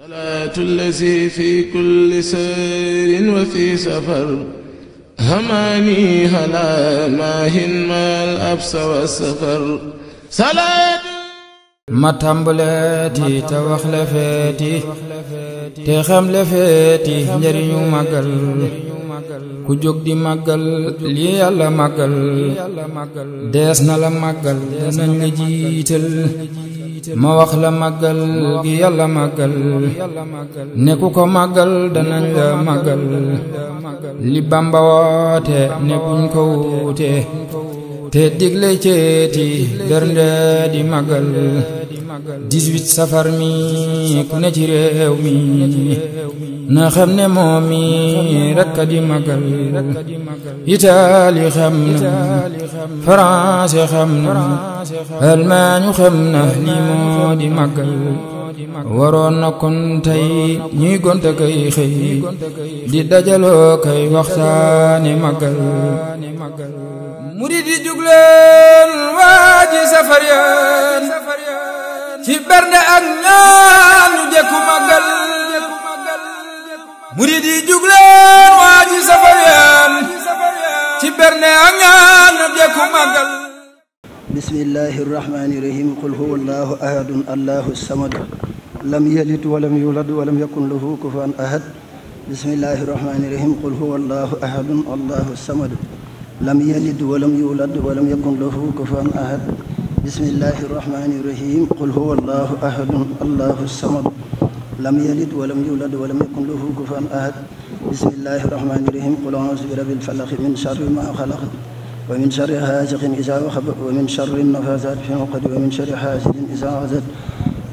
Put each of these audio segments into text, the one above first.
salaatu lazi fi kulli sayrin wa fi safar hamaani halaa maahin maal absa wa safar salaatu ma tàmbaleeti te wax la feeti te xam la feeti njariñu màggal ku jóg di màggal lii yàlla màggal dees na la màggal danañ la jiital ma wax la màggal gi yàlla màggal ne ku ko màggal danañ la màggal li Bàmba woote ne buñ ko wuute te digle ceeti bernde di màggal 18 safar mi ku ne ci réew mi na xam ne moom mi rekk di magal Italie xam na France xam na Allemagne xam na li moo di magal waroon na kon tey ñuy gonta kay xëy di dajaloo kay waxtaane magal murid yi jugleen waaji safar yaan ci bernde ak ñaanu jekku magal murid yi jugleen waa ji safar yeen ci bernde ak ñaanu jekku magal bismillahi rahmani rahim qul huwa allahu ahadun allahu samad lam yalid walam yulad walam yakun lahu kufuwan ahad bismillahi rahmani rahim qul huwa allahu ahadun allahu samad lam yalid walam yulad walam yakun lahu kufuwan ahad bismillahi irrahmani irrahim qul huwa allahu ahadun allahu samad lam yalid walam yulad walam yakun lahu kufuwan ahad bismillahi irrahmani irrahim qul a'udhu bi rabbil falaq min sharri ma khalaq wa min sharri haasiqin idha waqab wa min sharri nafasati fil 'uqad wa min sharri hasidin idha hasad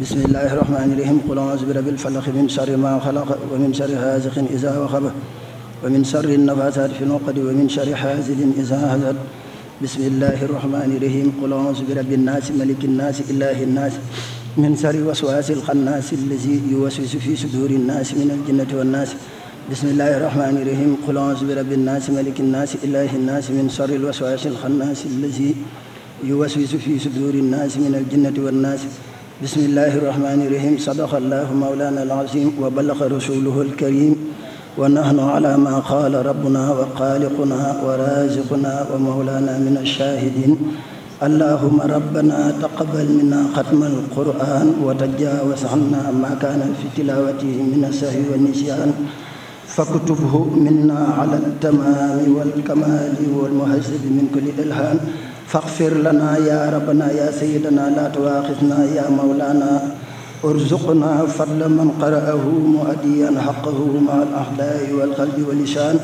bismillahi irrahmani irrahim qul a'udhu bi rabbil falaq min sharri ma khalaq wa min sharri haasiqin idha waqab wa min sharri nafasati fil 'uqad wa min sharri hasidin idha hasad bismillahi irrahmani irahim qul a'uuzu bi rabbi nnaasi maliki nnaasi ilaahi nnaasi min sharri waswaasi alxannaasi allazi yuwaswisu fi suduuri nnaasi min aljinnati wannaasi bismillahi irrahmani irahim qul a'uuzu bi rabbi nnaasi maliki nnaasi ilaahi nnaasi min sharri alwaswaasi alxannaasi allazi yuwaswisu fi suduuri nnaasi min aljinnati wannaasi bismillahi irrahmani irahim sadaqa allahu mawlaana alazim wa balaga rasuluhu alkarim wa nahnu ala ma qaala rabbuna wa xaaliquna wa raziquna wa mawlaana min alchaahidin allahuma rabbana taqabal minna xatma alquran wa tajawas anna ma kaana fi tilawatihi min asahwi wa nisyan faktubhu minna ala altamaami walkamaali walmuhasibi min kulli ilhaan faxfir lana ya rabbana ya sayidana la tuwaaxisna ya mawlaana warzuqna fadla man qara'ahu mu'addiyan haqqahu ma al-a'daa'i wal qalbi wal lisaan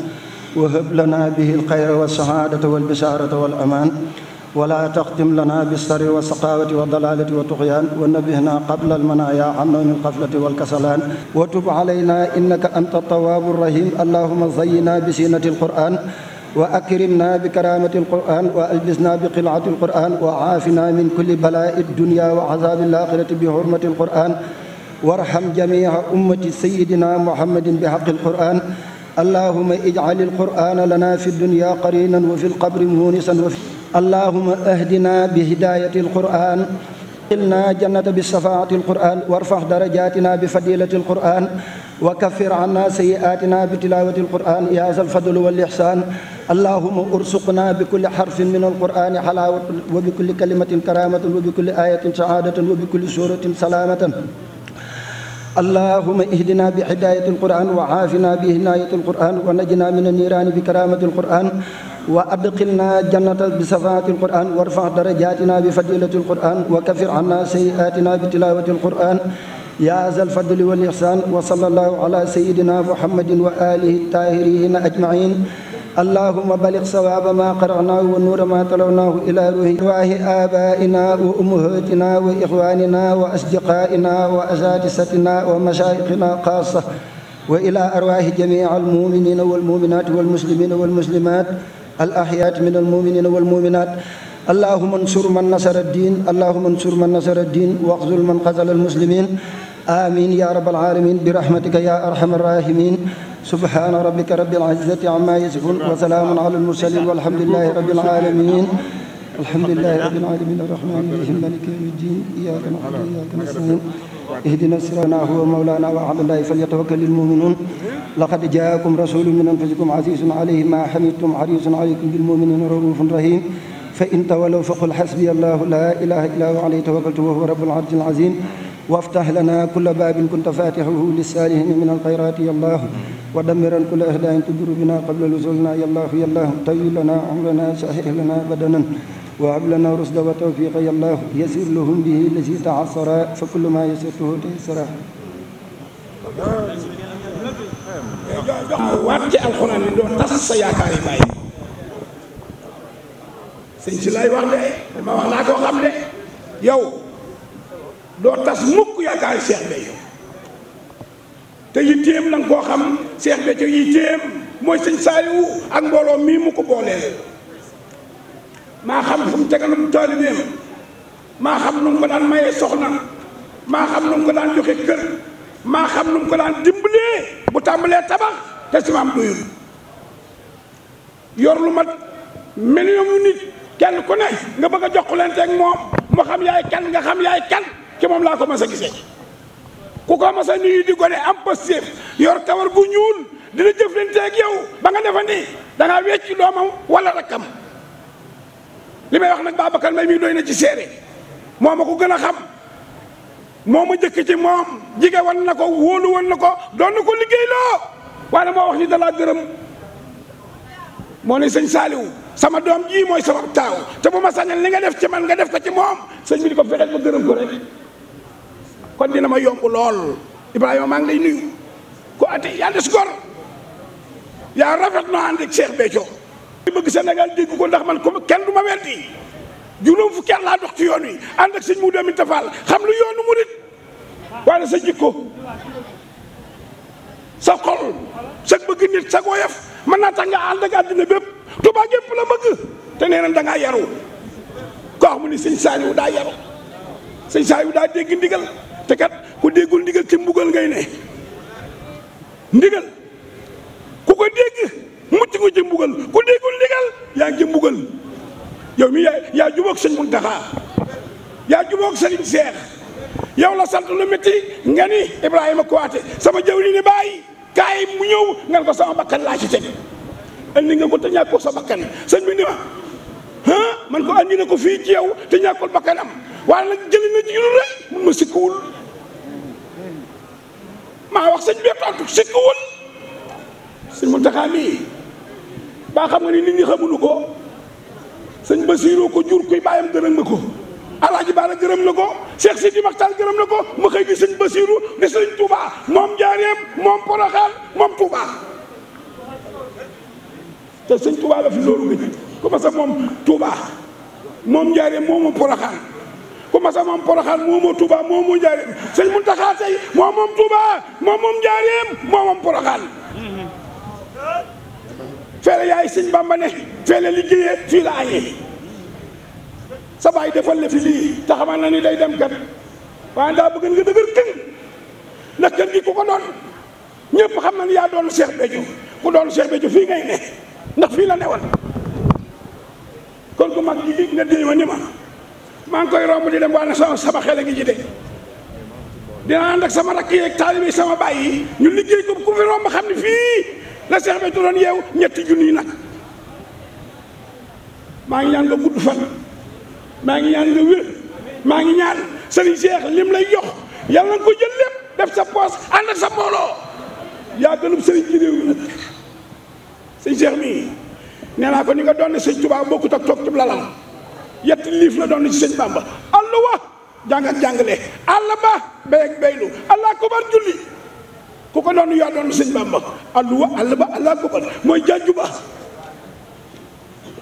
wa hab lana bihi al-khayra wa as-sa'aadata wal bishaarata wal amaan wa laa taqdim lana bis-sarri wa as-saqaawati wa ad-dalaalati wa at-tughyaan wa nabbihna qabla al-manaayaa 'annaa min al-ghaflati wal kasalaan wa tub 'alaynaa innaka anta at-tawwaabu ar-rahiim allahumma zayyinna bi ziinatil qur'aan wa akrimna bi karamati alquran wa albisna bi qilaati alquran wa aafina min kulli balaa'i dunya wa azaabi alaaxirati bi hurmati alquran warham jamiica ummati sayyidina muhammadin bi haqqi alquran allahuma ijcal alqurana lana fi dunya qarinan wa fi alqabri muunisan wa allahuma ahdina bi hidaayati alquran قلنا جنة بالشفاعة القرآن وارفع درجاتنا بفضيلة القرآن وكفر عنا سيئاتنا بتلاوة القرآن يا ذا الفضل والإحسان اللهم ارزقنا بكل حرف من القرآن حلاوة وبكل كلمة كرامة وبكل آية سعادة وبكل سورة سلامة اللهم اهدنا بهداية القرآن وعافنا بهناية القرآن ونجنا من النيران بكرامة القرآن وأدخلنا جنة بصفاة القرآن وارفع درجاتنا بفضيلة القرآن وكفر عنا سيئاتنا بتلاوة القرآن يا ذا الفضل والإحسان وصلى الله على سيدنا محمد وآله الطاهرين أجمعين اللهم بلغ صواب ما قرأناه ونور ما تلوناه إلى روح آبائنا وأمهاتنا وإخواننا وأصدقائنا وأساتذتنا ومشايخنا خاصة وإلى أرواح جميع المؤمنين والمؤمنات والمسلمين والمسلمات الأحياء من المؤمنين والمؤمنات اللهم انصر من نصر الدين اللهم انصر من نصر الدين واخذل من خذل المسلمين آمين يا رب العالمين برحمتك يا أرحم الراحمين سبحان ربك رب العزة عما يصفون وسلام على المرسلين والحمد لله رب العالمين الحمد لله رب العالمين الرحمن الرحيم مالك يوم الدين إياك نعبد وإياك نستعين اهدنا الصراط هو مولانا وعلى الله فليتوكل المؤمنون لقد جاءكم رسول من أنفسكم عزيز عليه ما حمدتم حريص عليكم بالمؤمنين رؤوف رحيم فإن تولوا فقل حسبي الله لا إله إلا هو عليه توكلت وهو رب العرش العظيم وافتح لنا كل باب كنت فاتحه للسالحين من الخيرات يا الله ودمرا كل اهداء تدر بنا قبل نزولنا يا الله يا الله طيب لنا عمرنا صحيح لنا بدنا وهب لنا رشد وتوفيق يا الله يسر لهم به الذي تعسر فكل ما يسره تيسر waat ci alxuraan ni doon tas sa yaakaar yi bàyyi sëñ si lay wax de dama wax laa ko xam de yow doo tas mukk yaakaari Cheikh Béthio te yitteem na nga koo xam Cheikh Béthio yitteem mooy sëñ Saaliwu ak mbooloo mii mu ko booleel maa xam fu mu tegalum taalibeem maa xam nu mu ko daan mayee soxna maa xam nu mu ko daan joxe kër maa xam nu mu ko daan dimbalee bu tàmbalee tabax te si maam doyul lu mat million yu nit kenn ku ne nga bëgg a jox leen teg moom mu xam yaay kan nga xam yaay kan ci moom laa ko mas a gisee ku ko mas a nuyu di gone am positif yor kawar gu ñuul dina jëflante ak yow ba nga defa ni da ngaa wecci doomam wala rakkam li may wax nag Babacar Mbaye mii doy na ci seere moo ma ko gën a xam moom ma jëkk ci moom jige wan na ko wóolu wan na ko doon na ko liggéeyloo waaye moo wax ni dalaa gërëm moo ne sëñ Saaliw sama doom jii mooy sama taaw te bu ma sañal li nga def ci man nga def ko ci moom sëñ bi di ko fexeel ma gërëm ko rek kon dina ma yomb lool Ibrahima maa ngi lay nuyu ko ate yaa des gor yaa rafet noo ànd ak Cheikh bëgg Sénégal dégg ko ndax man comme kenn du ma weddi juróom fukki at laa dox ci yoon wi ànd ak mu doomi tafaal xam lu yoonu murit waaye sa jikko sa xol sa bëgg nit sa woyof mën naa tax nga ànd ak àddina bépp Tuubaa gépp la bëgg te nee na yaru koo xam ne sëñ daa yaru sëñ Saaliw daa dégg ndigal te kat ku déggul ndigal ci mbugal ngay ne ndigal ku ko dégg mucc nga ci mbugal ku déggul ndigal yaa ngi ci mbugal mi yaa yaa jubóog sëñ Muntaxa yaa jubóog sëriñ Seex yow la sant lu métti nga ni Ibrahima Kouaté sama jaww ji kaay mu ñëw nga ko sama bakkan laa ci teg andi nga ko te ñàkkoo sa bakkan sëñ bi ni ma ah man ko andi ko fii ci yow te ñàkkul bakkanam waaye nag jëli na ci lu mun ma sikkuwul maa wax sëñ bi tontu sikkiwul sëñ Muntaxa mii baa nga ni nit ñi xamulu ko sëñ Basiiroo ko jur kuy bàyyam gërëm na ko Alaaji Baara gërëm na ko Cheikh Sidi Maxtaar gërëm na ko ma xëy di sëñ Basiiru di sëñ Touba moom Njaareem moom Poroxaan moom Touba te sëñ Touba la fi loolu nga ko ma sa moom Touba moom Njaareem moom moom Poroxaan ku ma sa moom Porokhane moomoo Touba moomoo Njaareem sëñ Mountakha tey moo moom Touba moo moom Njaareem moo moom Porokhane feele yaay sëñ Bamba ne feele liggéeyee fii la añee sa baay defal la lii te xamal na ni day dem kat waaye ndaa bëgg nga dëgër kën ndax kën gi ku ko doon ñëpp xam na ni yaa doon Cheikh Béthio ku doon Cheikh Béthio fii ngay ne ndax fii la newoon kon ku mag gi dig nga déewa ni ma maa ngi koy romb di dem sama xel a ji de sama rakk yeeg taalibe sama baay yi xam ne fii la Seex Béthio doon yeew ñetti nag maa ngi ñaan nga gudd fan maa ngi ñaan nga wér maa ngi ñaan sëriñ Seex lim lay jox yàlla nga jël lépp def sa poos ànd ak sa mbooloo yaa gënub sëriñ ci réew mi nag Seex mii nee naa ko ni nga doon ne sëñ Tuubaa bokkut ak toog ci lalam yetti liif la doon ci sëñ Bamba alluwa jàngat jàngale àll ba béy ak béylu allah kubar julli ku ko doon yaa doon sëñ Bamba alluwa àll ba allah kubar mooy jànju ba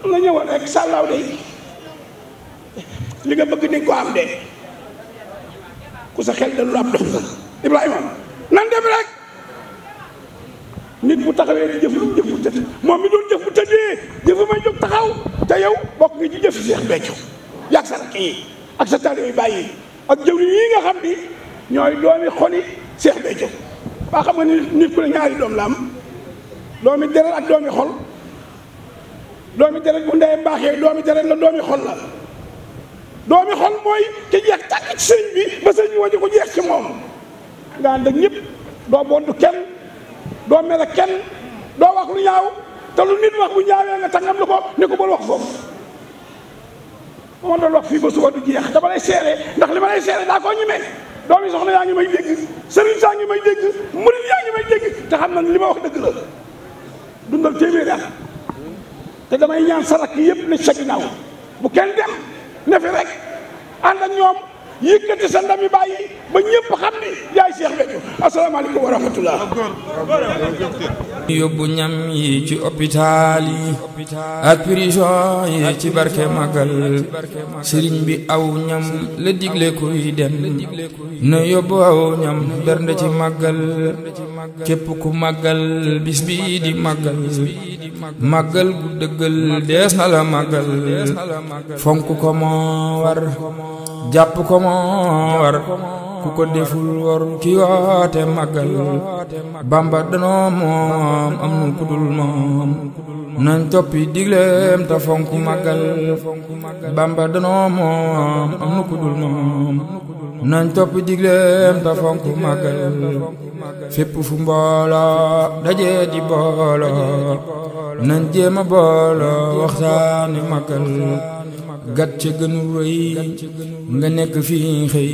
la ñëwoon rek sàllaaw de li nga bëgg ni ko am de ku sa xel da lu am dox Ibrahima nan dem rek nit bu taxawee di jëf tëdd moom mi doon jëf bu tëddee jëf may jóg taxaw te yow bokk nga ci jëf Seex Béthio yàgg sa rakk yi ak sa taalibe bàyyi ak jëwriñ yi nga xam ni ñooy doomi xoli Seex Béthio ba xam nga ni nit ku ne ñaari doom la am doomi deret ak doomi xol doomi deret bu ndeyam baaxee doomi deret la doomi xol la doomi xol mooy ki jeex tàkk ci sëñ bi ba sëñ bi waññi ko jeex ci moom nga ànd ak ñëpp doo bondu kenn doo mere kenn doo wax lu ñaaw te lu nit wax bu ñaawee nga tàngam lu ko ne ko bul wax foofu moom doon wax fii ba suba du jeex dama lay seere ndax li ma lay seere daa koo ñemee doomi soxna yaa ngi may dégg sëriñ saa ngi may dégg murit yaa ngi may dégg te xam na li ma wax dëgg la dundal téeméeri at te damay ñaan sarak yëpp ne ca ginnaaw bu kenn dem ne fi rek ànd ak ñoom yëkkati sa ndami bàyyi ba ñëpp xam ni yaay Cheikh Béthio asalaamaaleykum wa rahmatullah yóbbu ñam yi ci hôpital yi ak prison yi ci barke magal sëriñ bi aw ñam la digle kuy dem na yóbbu aw ñam bernde ci magal képp ku magal bis bi di magal magal gu dëggal dees na la magal fonk ko moo war jàpp ko moo war ku ko deful waru ki woote màggal bamba danoo moom am nu ku dul moom nañ toppi digleem te fonk màggal bamba danoo moom am nu ku moom nañ topp digleem ta fonk màggal fépp fu mbooloo dajee di booloo nañ jéema booloo waxtaani màggal gàcce gënu rëy nga nekk fii xëy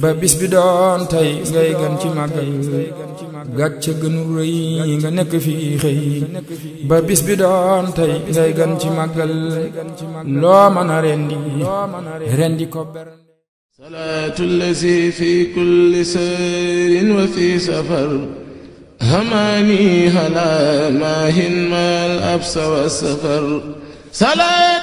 ba bis bi doon tey ngay gan ci màggal nga nekk fii xëy bi doon tey ngay gan ci màggal loo mën a rendi rendi ko bernde salaatu lazi fi kulli sayrin wa fi safar hamaani halaa maahin maal absa wa safar